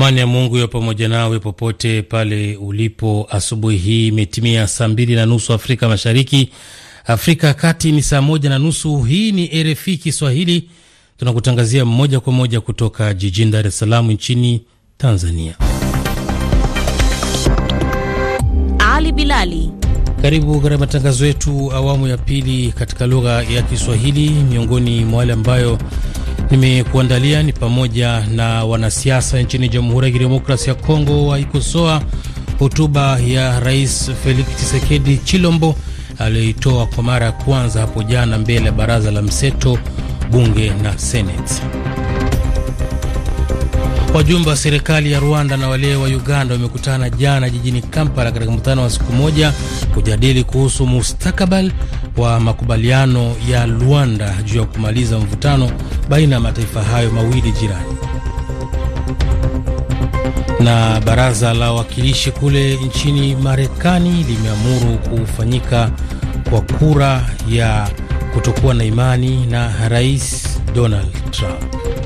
Amani ya Mungu iwe pamoja nawe popote pale ulipo. Asubuhi hii imetimia saa mbili na nusu Afrika Mashariki, Afrika ya Kati ni saa moja na nusu. Hii ni RFI Kiswahili, tunakutangazia moja kwa moja kutoka jijini Dar es Salaam nchini Tanzania. Ali Bilali, karibu katika matangazo yetu awamu ya pili katika lugha ya Kiswahili. Miongoni mwa wale ambayo nimekuandalia ni pamoja na wanasiasa nchini Jamhuri ya Kidemokrasia ya Kongo waikosoa hotuba ya Rais Felix Tshisekedi Chilombo aliyoitoa kwa mara ya kwanza hapo jana mbele ya baraza la mseto, bunge na seneti. Wajumbe wa serikali ya Rwanda na wale wa Uganda wamekutana jana jijini Kampala katika mkutano wa siku moja kujadili kuhusu mustakabali wa makubaliano ya Luanda juu ya kumaliza mvutano baina ya mataifa hayo mawili jirani. Na baraza la wawakilishi kule nchini Marekani limeamuru kufanyika kwa kura ya kutokuwa na imani na Rais Donald Trump.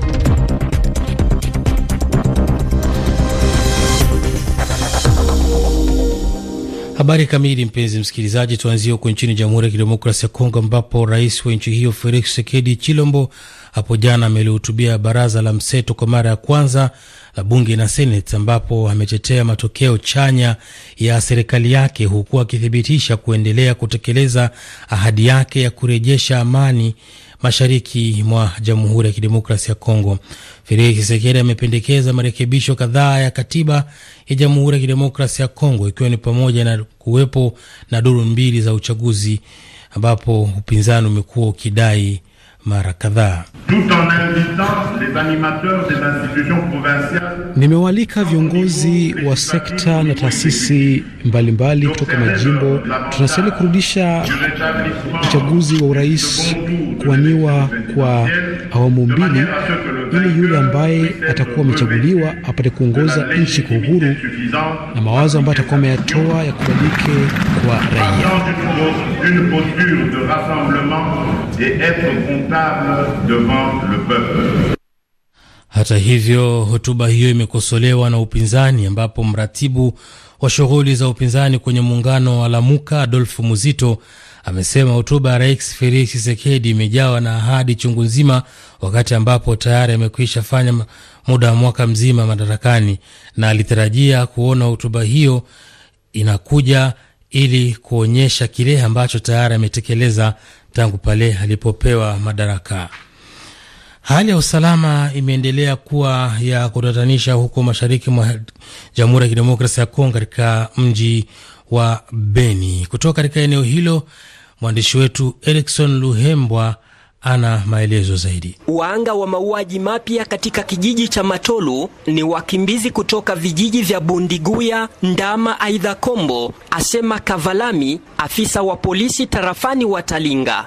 Habari kamili, mpenzi msikilizaji, tuanzie huko nchini Jamhuri ya Kidemokrasi ya Kongo ambapo rais wa nchi hiyo Felix Chisekedi Chilombo hapo jana amelihutubia baraza la mseto kwa mara ya kwanza la bunge na senate ambapo ametetea matokeo chanya ya serikali yake huku akithibitisha kuendelea kutekeleza ahadi yake ya kurejesha amani mashariki mwa Jamhuri ya Kidemokrasi ya Kongo. Felix Tshisekedi amependekeza marekebisho kadhaa ya katiba ya Jamhuri ya Kidemokrasia ya Kongo, ikiwa ni pamoja na kuwepo na duru mbili za uchaguzi, ambapo upinzani umekuwa ukidai mara kadhaa. Nimewaalika viongozi wa sekta na taasisi mbalimbali kutoka majimbo. Tunastahili kurudisha uchaguzi wa urais kuwaniwa kwa awamu mbili, ili yule ambaye atakuwa amechaguliwa apate kuongoza nchi kwa uhuru na mawazo ambayo atakuwa ameyatoa yakubalike kwa raia. Hata hivyo, hotuba hiyo imekosolewa na upinzani, ambapo mratibu wa shughuli za upinzani kwenye muungano wa Lamuka Adolfu Muzito amesema hotuba ya Rais Felix Tshisekedi imejawa na ahadi chungu nzima, wakati ambapo tayari amekwisha fanya muda wa mwaka mzima madarakani, na alitarajia kuona hotuba hiyo inakuja ili kuonyesha kile ambacho tayari ametekeleza tangu pale alipopewa madaraka. Hali ya usalama imeendelea kuwa ya kutatanisha huko mashariki mwa Jamhuri ya Kidemokrasia ya Kongo, katika mji wa Beni. Kutoka katika eneo hilo, mwandishi wetu Erikson Luhembwa ana maelezo zaidi. Waanga wa mauaji mapya katika kijiji cha Matolu ni wakimbizi kutoka vijiji vya Bundiguya, Ndama aidha Kombo, asema Kavalami, afisa wa polisi tarafani wa Talinga.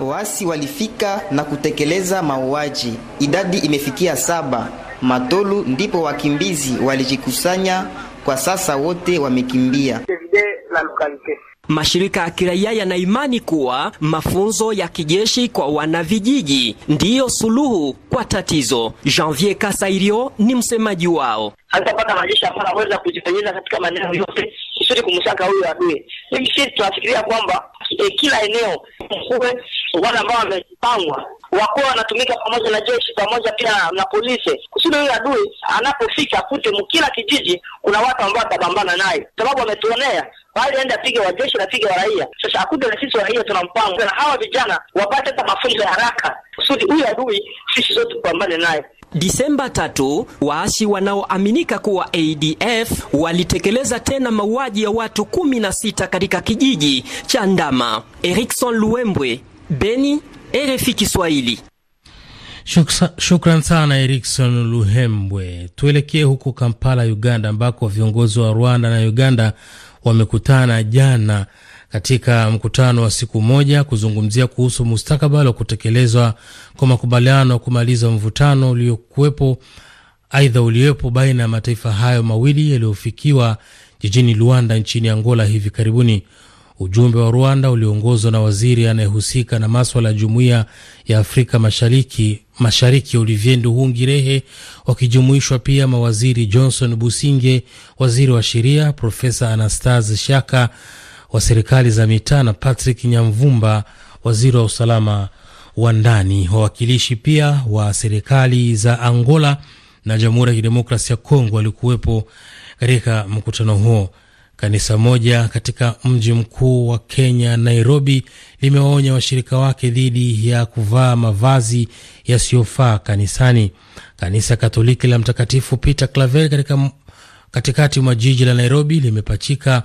Waasi walifika na kutekeleza mauaji, idadi imefikia saba. Matolu ndipo wakimbizi walijikusanya, kwa sasa wote wamekimbia mashirika ya kiraia yana imani kuwa mafunzo ya kijeshi kwa wanavijiji ndiyo suluhu kwa tatizo. Janvier Kasairio ni msemaji wao. Hatapata majeshi ambayo anaweza kujifanyiza katika maeneo yote kusudi kumsaka huyo adui. Hivi sisi tunafikiria kwamba eh, kila eneo kuwe wale ambao wamepangwa wakuwa wanatumika pamoja na jeshi pamoja pia na polisi, kusudi huyo adui anapofika kute mkila kijiji kuna watu ambao watapambana naye, sababu wametuonea bali ende apige wa jeshi na apige wa raia. Sasa akute na sisi raia tuna mpango na hawa vijana wapate hata mafunzo ya haraka, kusudi huyo adui sisi zote tupambane naye. Disemba tatu, waasi wanaoaminika kuwa ADF walitekeleza tena mauaji ya watu kumi na sita katika kijiji cha Ndama. Erikson Luembwe, Beni, RFI Kiswahili. Shukran sana Erikson Luhembwe. Tuelekee huko Kampala, Uganda, ambako viongozi wa Rwanda na Uganda wamekutana jana katika mkutano wa siku moja kuzungumzia kuhusu mustakabali wa kutekelezwa kwa makubaliano ya kumaliza mvutano uliokuwepo aidha uliopo baina ya mataifa hayo mawili yaliyofikiwa jijini Luanda nchini Angola hivi karibuni. Ujumbe wa Rwanda ulioongozwa na waziri anayehusika na maswala ya jumuiya ya Afrika Mashariki Mashariki Olivier Nduhungirehe, wakijumuishwa pia mawaziri Johnson Businge, waziri wa sheria, Profesa Anastas Shaka wa serikali za mitaa na Patrick Nyamvumba, waziri wa usalama wa ndani, wawakilishi pia wa serikali za Angola na Jamhuri ya Kidemokrasia ya Kongo walikuwepo katika mkutano huo. Kanisa moja katika mji mkuu wa Kenya, Nairobi, limewaonya washirika wake dhidi ya kuvaa mavazi yasiyofaa kanisani. Kanisa Katoliki la Mtakatifu Peter Claver katika katikati mwa jiji la Nairobi limepachika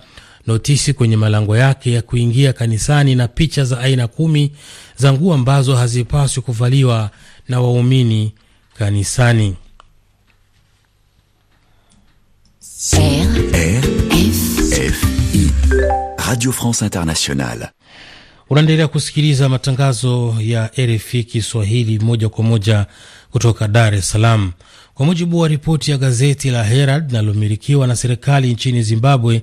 notisi kwenye malango yake ya kuingia kanisani na picha za aina kumi za nguo ambazo hazipaswi kuvaliwa na waumini kanisani. R. R. Radio France Internationale. Unaendelea kusikiliza matangazo ya RFI Kiswahili moja kwa moja kutoka Dar es Salaam. Kwa mujibu wa ripoti ya gazeti la Herald linalomilikiwa na serikali nchini Zimbabwe,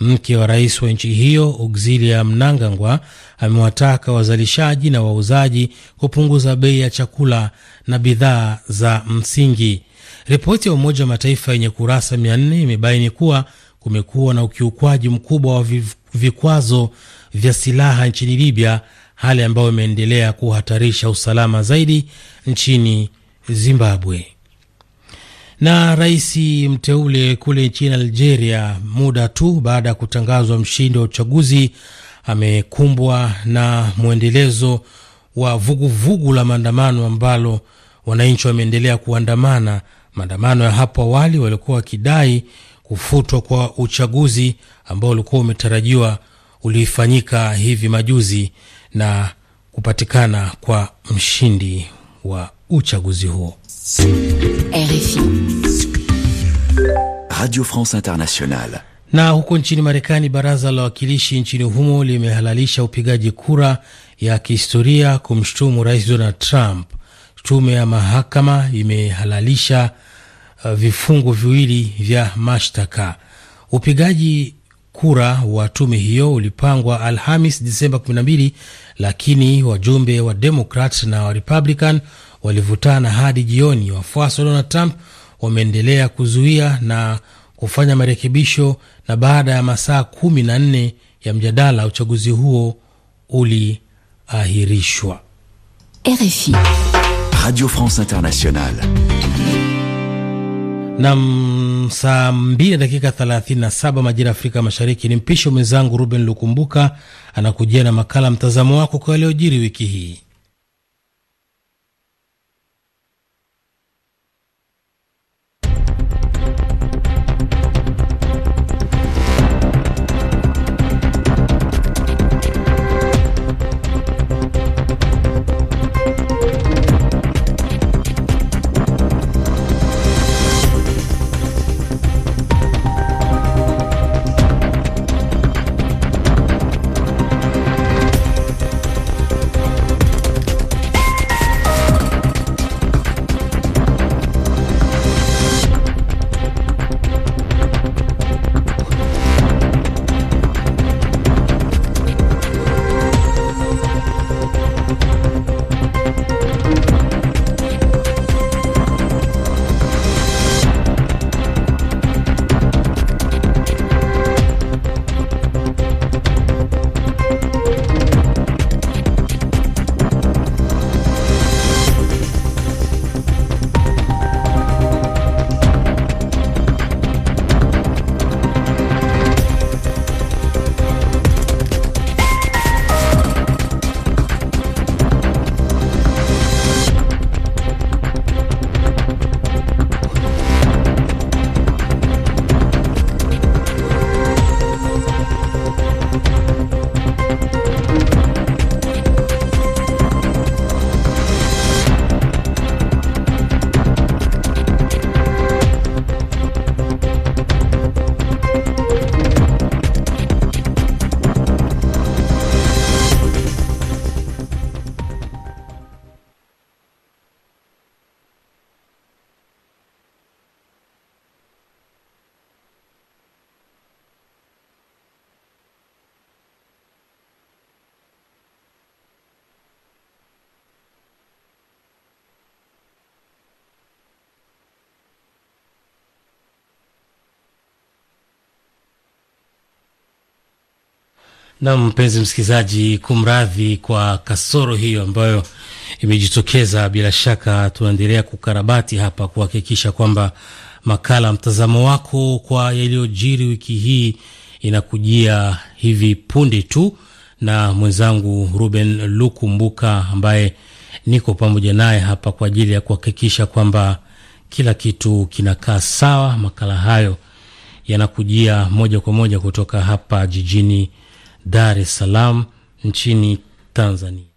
mke wa rais wa nchi hiyo Auxilia Mnangagwa amewataka wazalishaji na wauzaji kupunguza bei ya chakula na bidhaa za msingi. Ripoti ya Umoja wa Mataifa yenye kurasa 4 imebaini kuwa kumekuwa na ukiukwaji mkubwa wa vikwazo vya silaha nchini Libya, hali ambayo imeendelea kuhatarisha usalama zaidi nchini Zimbabwe. Na rais mteule kule nchini Algeria, muda tu baada ya kutangazwa mshindi wa uchaguzi, amekumbwa na mwendelezo wa vuguvugu vugu la maandamano ambalo wananchi wameendelea kuandamana. Maandamano ya hapo awali waliokuwa wakidai kufutwa kwa uchaguzi ambao ulikuwa umetarajiwa ulifanyika hivi majuzi na kupatikana kwa mshindi wa uchaguzi huo. RFI Radio France Internationale. Na huko nchini Marekani, baraza la wawakilishi nchini humo limehalalisha upigaji kura ya kihistoria kumshutumu rais Donald Trump. Tume ya mahakama imehalalisha uh, vifungu viwili vya mashtaka. Upigaji kura wa tume hiyo ulipangwa Alhamis Disemba 12, lakini wajumbe wa Demokrat na wa Republican walivutana hadi jioni. Wafuasi wa Donald Trump wameendelea kuzuia na kufanya marekebisho, na baada ya masaa 14 ya mjadala uchaguzi huo uliahirishwa. RFI Radio France Internationale. Nam, saa na dakika 37 majira ya Afrika Mashariki. Ni mpisho mwenzangu Ruben Lukumbuka anakujia na makala mtazamo wako kwa yaliyojiri wiki hii. Na mpenzi msikilizaji, kumradhi kwa kasoro hiyo ambayo imejitokeza. Bila shaka tunaendelea kukarabati hapa kuhakikisha kwamba makala mtazamo wako kwa yaliyojiri wiki hii inakujia hivi punde tu, na mwenzangu Ruben Lukumbuka ambaye niko pamoja naye hapa kwa ajili ya kuhakikisha kwamba kila kitu kinakaa sawa. Makala hayo yanakujia moja kwa moja kutoka hapa jijini Dar es Salaam nchini Tanzania.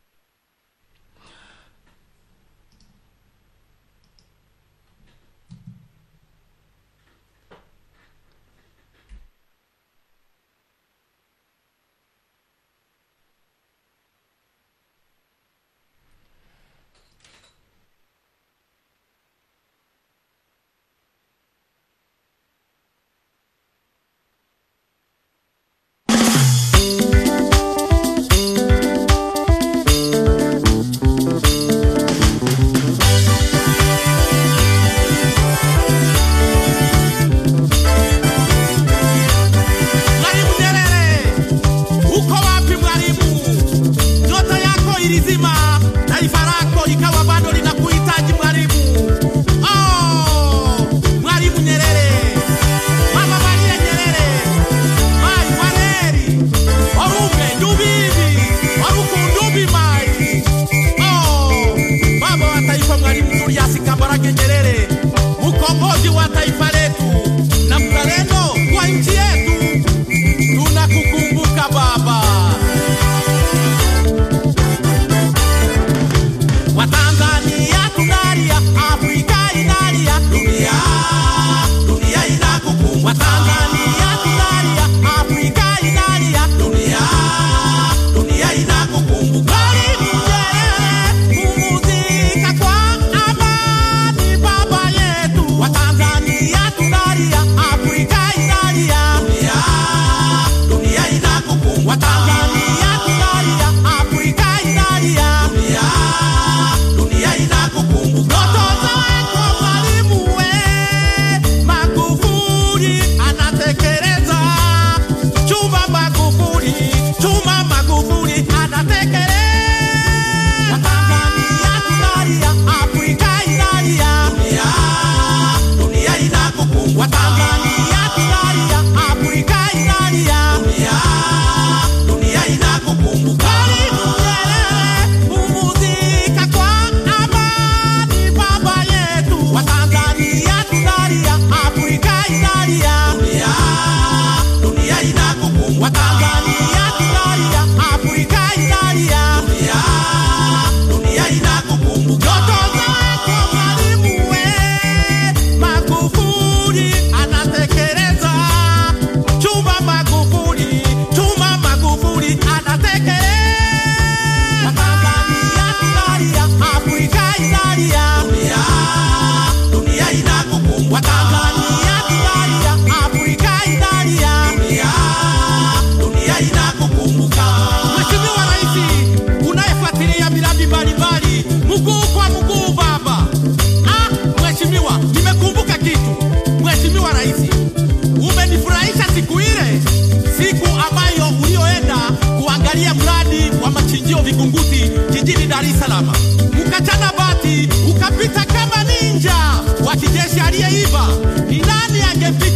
What I got.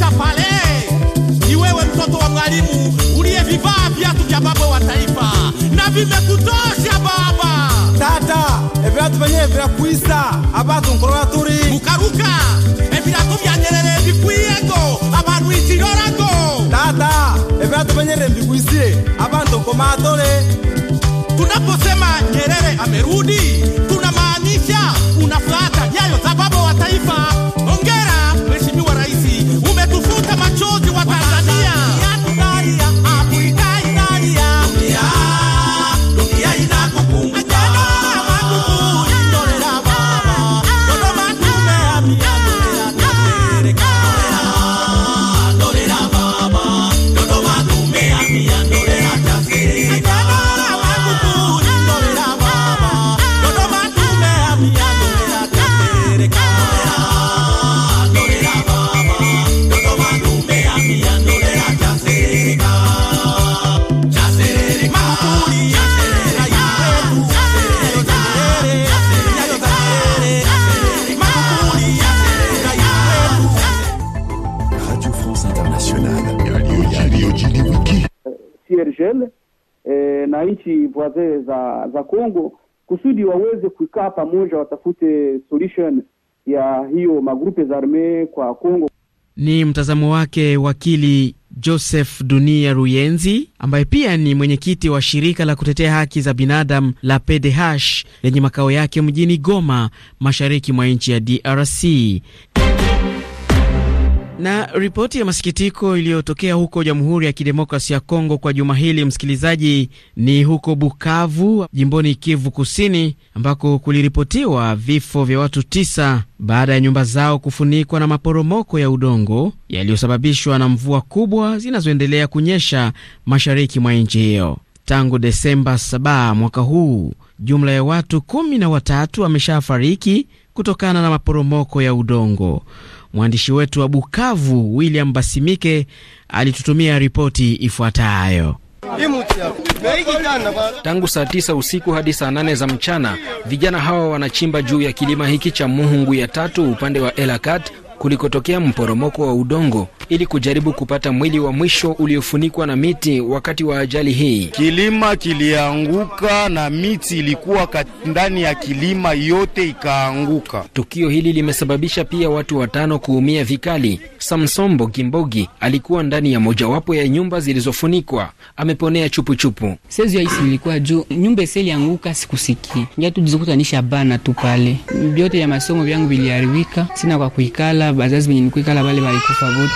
ya pale ni wewe mtoto wa mwalimu uliyevivaa viatu vya baba wa taifa na vimekutosha baba tata eviatu vyenyewe vyakuisa abatu nkolola tuli mukaruka evilatu vya nyelele vikwiyego abantu ichilorago tata eviatu vyenyere mbikuisile abantu nkomatole wazee za za Kongo kusudi waweze kukaa pamoja, watafute solution ya hiyo magrupe za arme kwa Kongo. Ni mtazamo wake wakili Joseph Dunia Ruyenzi ambaye pia ni mwenyekiti wa shirika la kutetea haki za binadamu la PDH lenye makao yake mjini Goma, mashariki mwa nchi ya DRC. Na ripoti ya masikitiko iliyotokea huko Jamhuri ya Kidemokrasia ya Kongo kwa juma hili, msikilizaji, ni huko Bukavu, jimboni Kivu Kusini, ambako kuliripotiwa vifo vya watu tisa baada ya nyumba zao kufunikwa na maporomoko ya udongo yaliyosababishwa na mvua kubwa zinazoendelea kunyesha mashariki mwa nchi hiyo. Tangu Desemba 7 mwaka huu, jumla ya watu kumi na watatu wameshafariki kutokana na maporomoko ya udongo. Mwandishi wetu wa Bukavu William Basimike alitutumia ripoti ifuatayo. Tangu saa tisa usiku hadi saa nane za mchana, vijana hawa wanachimba juu ya kilima hiki cha Muhungu ya tatu upande wa Elakat kulikotokea mporomoko wa udongo ili kujaribu kupata mwili wa mwisho uliofunikwa na miti wakati wa ajali hii. Kilima kilianguka na miti ilikuwa ndani ya kilima yote ikaanguka. Tukio hili limesababisha pia watu watano kuumia vikali. Samsombo Gimbogi alikuwa ndani ya mojawapo ya nyumba zilizofunikwa, ameponea chupuchupu. Sezi ya isi juu nyumba bana tu pale, vyote masomo vyangu viliharibika, sina kwa kuikala bazazi venye nikuikala vale valikufa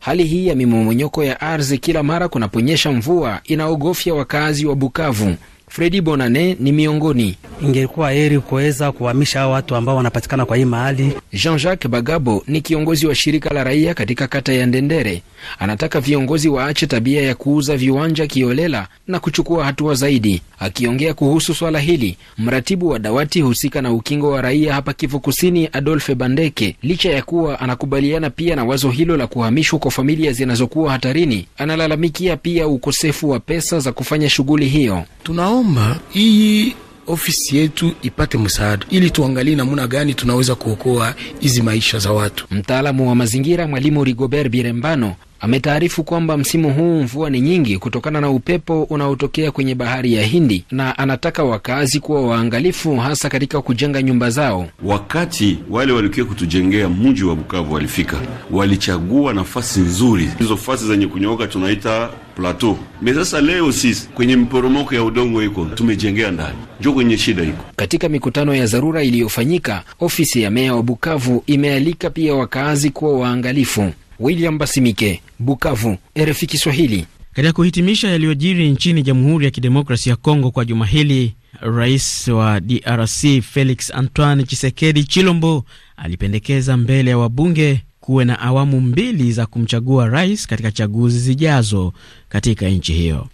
Hali hii ya mimomonyoko ya ardhi kila mara kunaponyesha mvua inaogofya wakazi wa Bukavu. Fredi Bonane ni miongoni. Ingekuwa heri kuweza kuhamisha hao watu ambao wanapatikana kwa hii mahali. Jean-Jacques Bagabo ni kiongozi wa shirika la raia katika kata ya Ndendere, anataka viongozi waache tabia ya kuuza viwanja kiolela na kuchukua hatua zaidi. Akiongea kuhusu swala hili, mratibu wa dawati husika na ukingo wa raia hapa Kivu Kusini, adolfe Bandeke, licha ya kuwa anakubaliana pia na wazo hilo la kuhamishwa kwa familia zinazokuwa hatarini, analalamikia pia ukosefu wa pesa za kufanya shughuli hiyo. Tunao tunaomba hii ofisi yetu ipate msaada ili tuangalie namna gani tunaweza kuokoa hizi maisha za watu. Mtaalamu wa mazingira Mwalimu Rigobert Birembano ametaarifu kwamba msimu huu mvua ni nyingi kutokana na upepo unaotokea kwenye bahari ya Hindi na anataka wakazi kuwa waangalifu hasa katika kujenga nyumba zao. Wakati wale walikuwa kutujengea mji wa Bukavu walifika, walichagua nafasi nzuri, hizo fasi zenye kunyooka tunaita plateau. Me sasa leo sisi kwenye mporomoko ya udongo iko tumejengea ndani, njo kwenye shida iko. Katika mikutano ya dharura iliyofanyika, ofisi ya meya wa Bukavu imealika pia wakaazi kuwa waangalifu. William Basimike, Bukavu, RFI Kiswahili. Katika kuhitimisha yaliyojiri nchini Jamhuri ya Kidemokrasi ya Kongo kwa juma hili, rais wa DRC Felix Antoine Chisekedi Chilombo alipendekeza mbele ya wabunge kuwe na awamu mbili za kumchagua rais katika chaguzi zijazo katika nchi hiyo.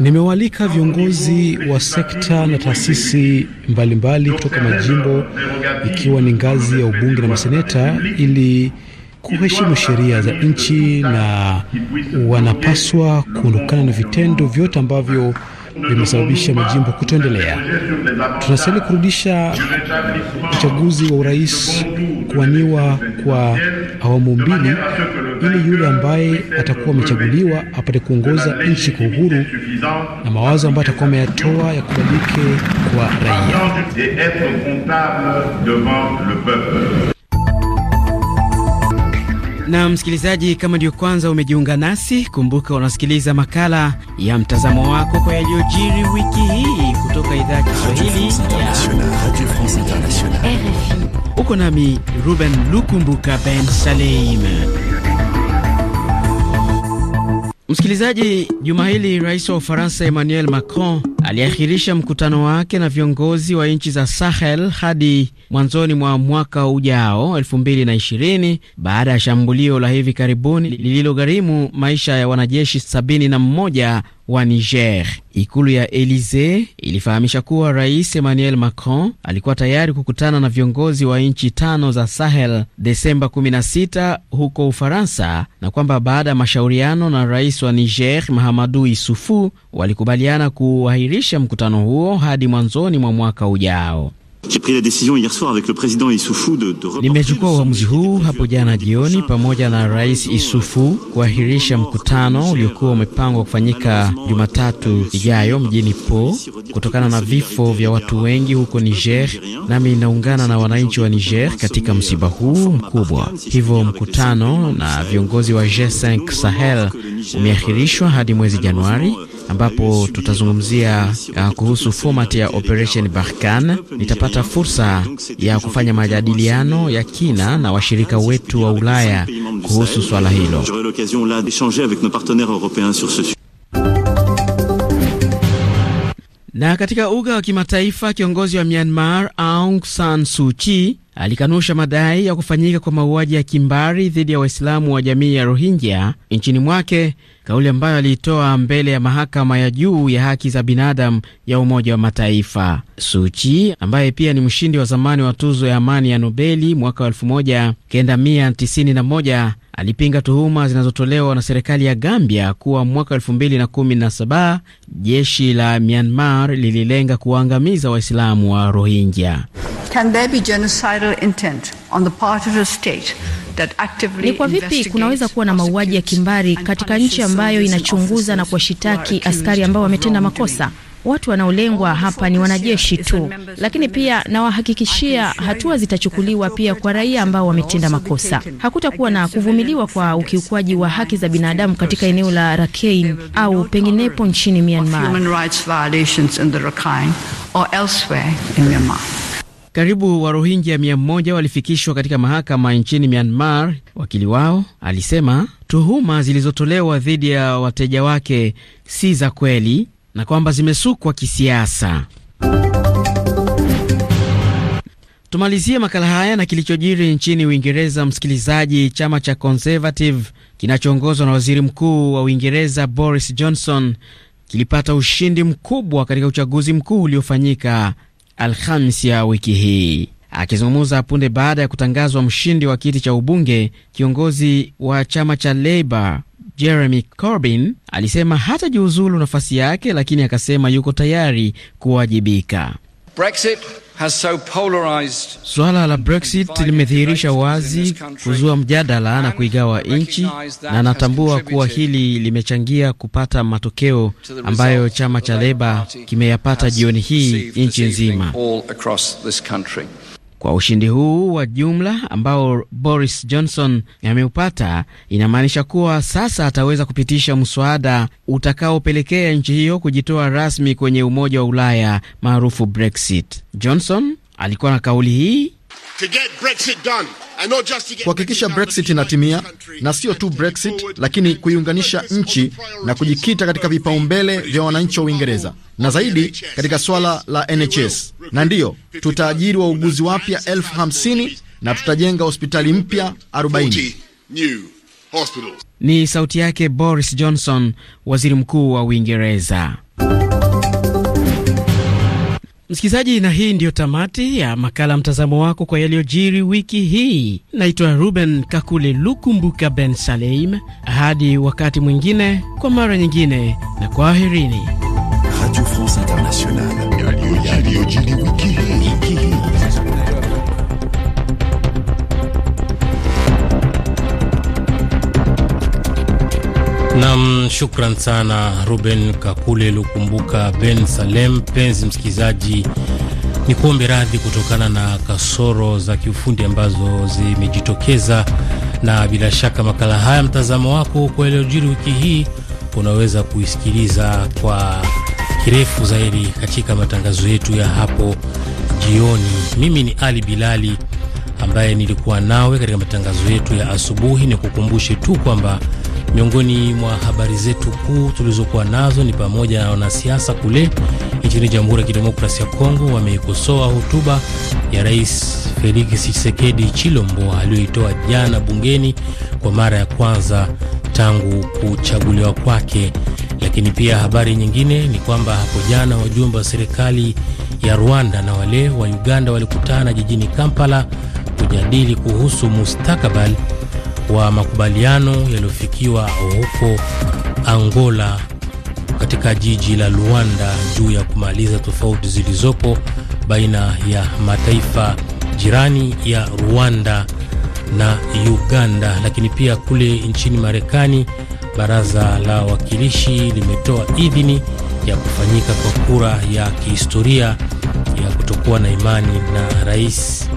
Nimewaalika viongozi wa sekta na taasisi mbalimbali kutoka majimbo, ikiwa ni ngazi ya ubunge na maseneta, ili kuheshimu sheria za nchi na wanapaswa kuondokana na vitendo vyote ambavyo limesababisha majimbo kutoendelea. Tunastahili kurudisha uchaguzi wa urais kuwaniwa kwa awamu mbili, ili yule ambaye atakuwa amechaguliwa apate kuongoza nchi kwa uhuru na mawazo ambayo atakuwa ameyatoa yakubalike kwa raia. Na msikilizaji, kama ndio kwanza umejiunga nasi, kumbuka unasikiliza makala ya mtazamo wako kwa yaliyojiri wiki hii kutoka idhaa ya Kiswahili Uko nami Ruben Lukumbuka Ben Saleim. Msikilizaji, juma hili rais wa Ufaransa Emmanuel Macron aliahirisha mkutano wake na viongozi wa nchi za Sahel hadi mwanzoni mwa mwaka ujao 2020 baada ya shambulio la hivi karibuni lililogharimu maisha ya wanajeshi 71 wa Niger. Ikulu ya Elisee ilifahamisha kuwa Rais Emmanuel Macron alikuwa tayari kukutana na viongozi wa nchi tano za Sahel Desemba 16 huko Ufaransa, na kwamba baada ya mashauriano na rais wa Niger Mahamadu Isufu walikubaliana kuahirisha mkutano huo hadi mwanzoni mwa mwaka ujao. Nimechukua uamuzi huu hapo jana jioni pamoja na Rais Isufu euh, kuahirisha mkutano uliokuwa umepangwa kufanyika Jumatatu euh, ijayo mjini Po kutokana na vifo vya watu wengi huko Niger, nami inaungana na wananchi wa Niger katika msiba huu mkubwa. Hivyo mkutano na viongozi wa G5 Sahel umeahirishwa hadi mwezi Januari euh, ambapo tutazungumzia uh, kuhusu format ya Operation barkan Nitapata fursa ya kufanya majadiliano ya kina na washirika wetu wa Ulaya kuhusu swala hilo. Na katika uga wa kimataifa, kiongozi wa Myanmar Aung San Suu Kyi alikanusha madai ya kufanyika kwa mauaji ya kimbari dhidi ya Waislamu wa jamii ya Rohingya nchini mwake, kauli ambayo aliitoa mbele ya mahakama ya juu ya haki za binadamu ya Umoja wa Mataifa. Suchi ambaye pia ni mshindi wa zamani wa tuzo ya amani ya Nobeli mwaka wa 1991 alipinga tuhuma zinazotolewa na serikali ya Gambia kuwa mwaka 2017 jeshi la Myanmar lililenga kuwaangamiza Waislamu wa Rohingya. Ni kwa vipi kunaweza kuwa na mauaji ya kimbari katika nchi ambayo inachunguza na kuwashitaki askari ambao wametenda makosa? Watu wanaolengwa hapa ni wanajeshi tu, lakini pia nawahakikishia hatua zitachukuliwa pia kwa raia ambao wametenda makosa. Hakutakuwa na kuvumiliwa kwa ukiukwaji wa haki za binadamu katika eneo la Rakhine au penginepo nchini Myanmar. Karibu wa mia 100 walifikishwa katika mahakama nchini Myanmar. Wakili wao alisema tuhuma zilizotolewa dhidi ya wateja wake si za kweli na kwamba zimesukwa kisiasa. Tumalizie makala haya na kilichojiri nchini Uingereza. Msikilizaji, chama cha Conservative kinachoongozwa na waziri mkuu wa Uingereza Boris Johnson kilipata ushindi mkubwa katika uchaguzi mkuu uliofanyika Alhamisi ya wiki hii. Akizungumza punde baada ya kutangazwa mshindi wa kiti cha ubunge, kiongozi wa chama cha Labour Jeremy Corbyn alisema hatajiuzulu nafasi yake, lakini akasema yuko tayari kuwajibika. Brexit. So polarized... Suala la Brexit limedhihirisha wazi kuzua mjadala na kuigawa nchi, na anatambua kuwa hili limechangia kupata matokeo ambayo chama cha Leba kimeyapata jioni hii nchi nzima. Kwa ushindi huu wa jumla ambao Boris Johnson ameupata, inamaanisha kuwa sasa ataweza kupitisha mswada utakaopelekea nchi hiyo kujitoa rasmi kwenye Umoja wa Ulaya maarufu Brexit. Johnson alikuwa na kauli hii to get Brexit done kuhakikisha Brexit inatimia, na sio tu Brexit, lakini kuiunganisha nchi na kujikita katika vipaumbele vya wananchi wa Uingereza na zaidi katika swala la NHS. Na ndiyo tutaajiri wauguzi wapya elfu hamsini na tutajenga hospitali mpya 40. Ni sauti yake Boris Johnson, waziri mkuu wa Uingereza. Msikilizaji, na hii ndiyo tamati ya makala mtazamo wako kwa yaliyojiri wiki hii. Naitwa Ruben Kakule Lukumbuka Ben Saleim. Hadi wakati mwingine, kwa mara nyingine, na kwaherini. Radio France Internationale. Nam, shukran sana Ruben Kakule Lukumbuka Ben Salem. Mpenzi msikilizaji, ni kuombe radhi kutokana na kasoro za kiufundi ambazo zimejitokeza, na bila shaka makala haya mtazamo wako kwa yaliyojiri wiki hii unaweza kuisikiliza kwa kirefu zaidi katika matangazo yetu ya hapo jioni. Mimi ni Ali Bilali ambaye nilikuwa nawe katika matangazo yetu ya asubuhi. ni kukumbushe tu kwamba Miongoni mwa habari zetu kuu tulizokuwa nazo ni pamoja na wanasiasa kule nchini Jamhuri ya Kidemokrasia ya Kongo wameikosoa hotuba ya Rais Felix Tshisekedi Chilombo aliyoitoa jana bungeni kwa mara ya kwanza tangu kuchaguliwa kwake. Lakini pia habari nyingine ni kwamba hapo jana wajumbe wa serikali ya Rwanda na wale wa Uganda walikutana jijini Kampala kujadili kuhusu mustakabali wa makubaliano yaliyofikiwa huko Angola katika jiji la Luanda juu ya kumaliza tofauti zilizopo baina ya mataifa jirani ya Rwanda na Uganda. Lakini pia kule nchini Marekani, baraza la wawakilishi limetoa idhini ya kufanyika kwa kura ya kihistoria ya kutokuwa na imani na rais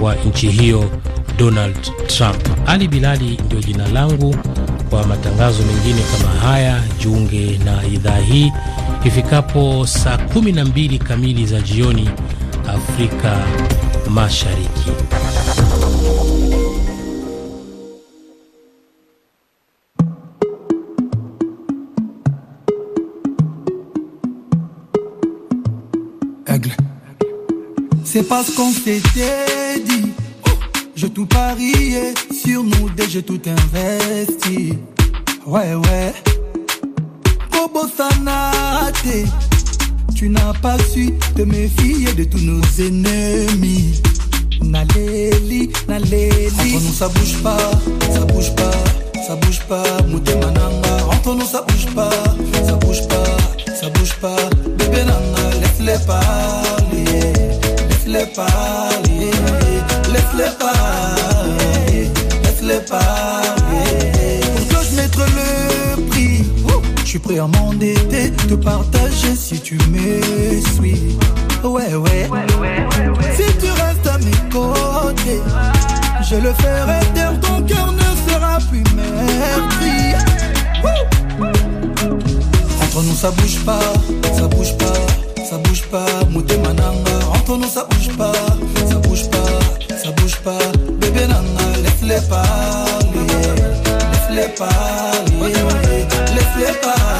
wa nchi hiyo Donald Trump. Ali Bilali ndio jina langu. Kwa matangazo mengine kama haya, jiunge na idhaa hii ifikapo saa 12 kamili za jioni Afrika Mashariki. C'est pas ce qu'on s'était J'ai tout parié sur nous déjà j'ai tout investi. Ouais, ouais. Bobo Sanate, tu n'as pas su te méfier de tous nos ennemis. Naleli, Naleli. Entre nous, ça bouge pas, ça bouge pas, ça bouge pas. Moutemananga. Entre nous, ça bouge pas, ça bouge pas, ça bouge pas. Bébé Nana, laisse-les parler, laisse-les parler laisse-les pas, laisse-les pas. Pour je mettre le prix, je suis prêt à m'endetter, te partager si tu me suis. Ouais, ouais, si tu restes à mes côtés, je le ferai taire, ton cœur ne sera plus merdi. Entre nous ça bouge pas, ça bouge pas, ça bouge pas, Mouté Mananga. Entre nous ça bouge pas, let's nana, laisse-les parler, laisse-les parler, laisse-les parler.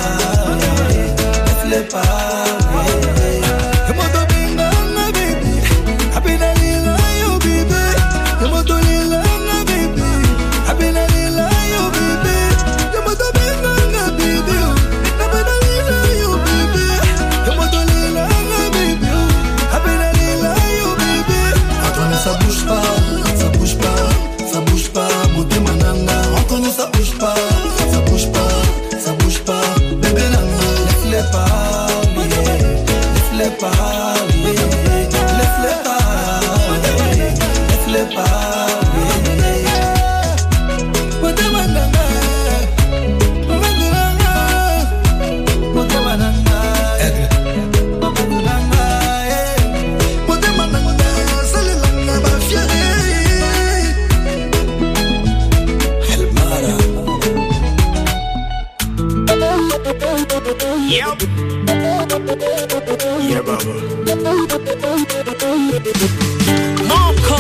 Moko.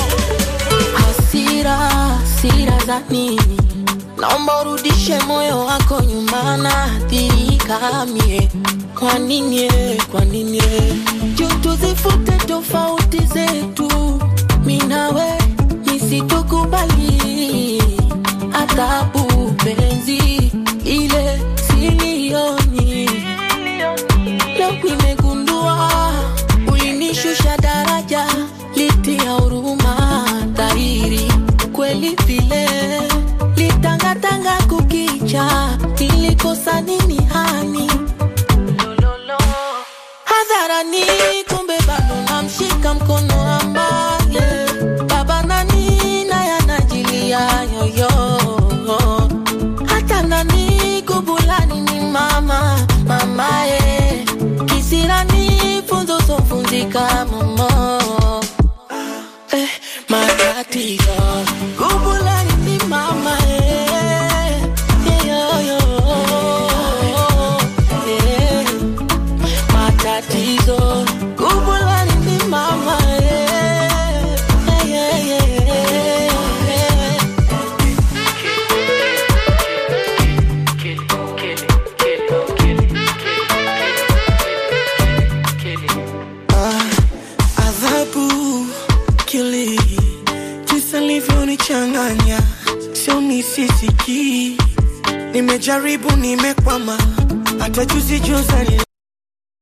Hasira, hasira za nini? Naomba urudishe moyo wako nyuma na athirika mie. Kwa nini? Kwa nini? Juu tuzifute tofauti zetu, minawe nisitukubali adhabu penzi